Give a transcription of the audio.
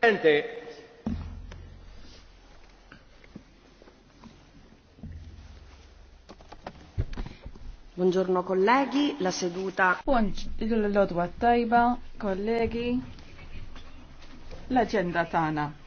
Presidente, Buongiorno colleghi, la seduta... Buongiorno tajba, colleghi. L'agenda tana.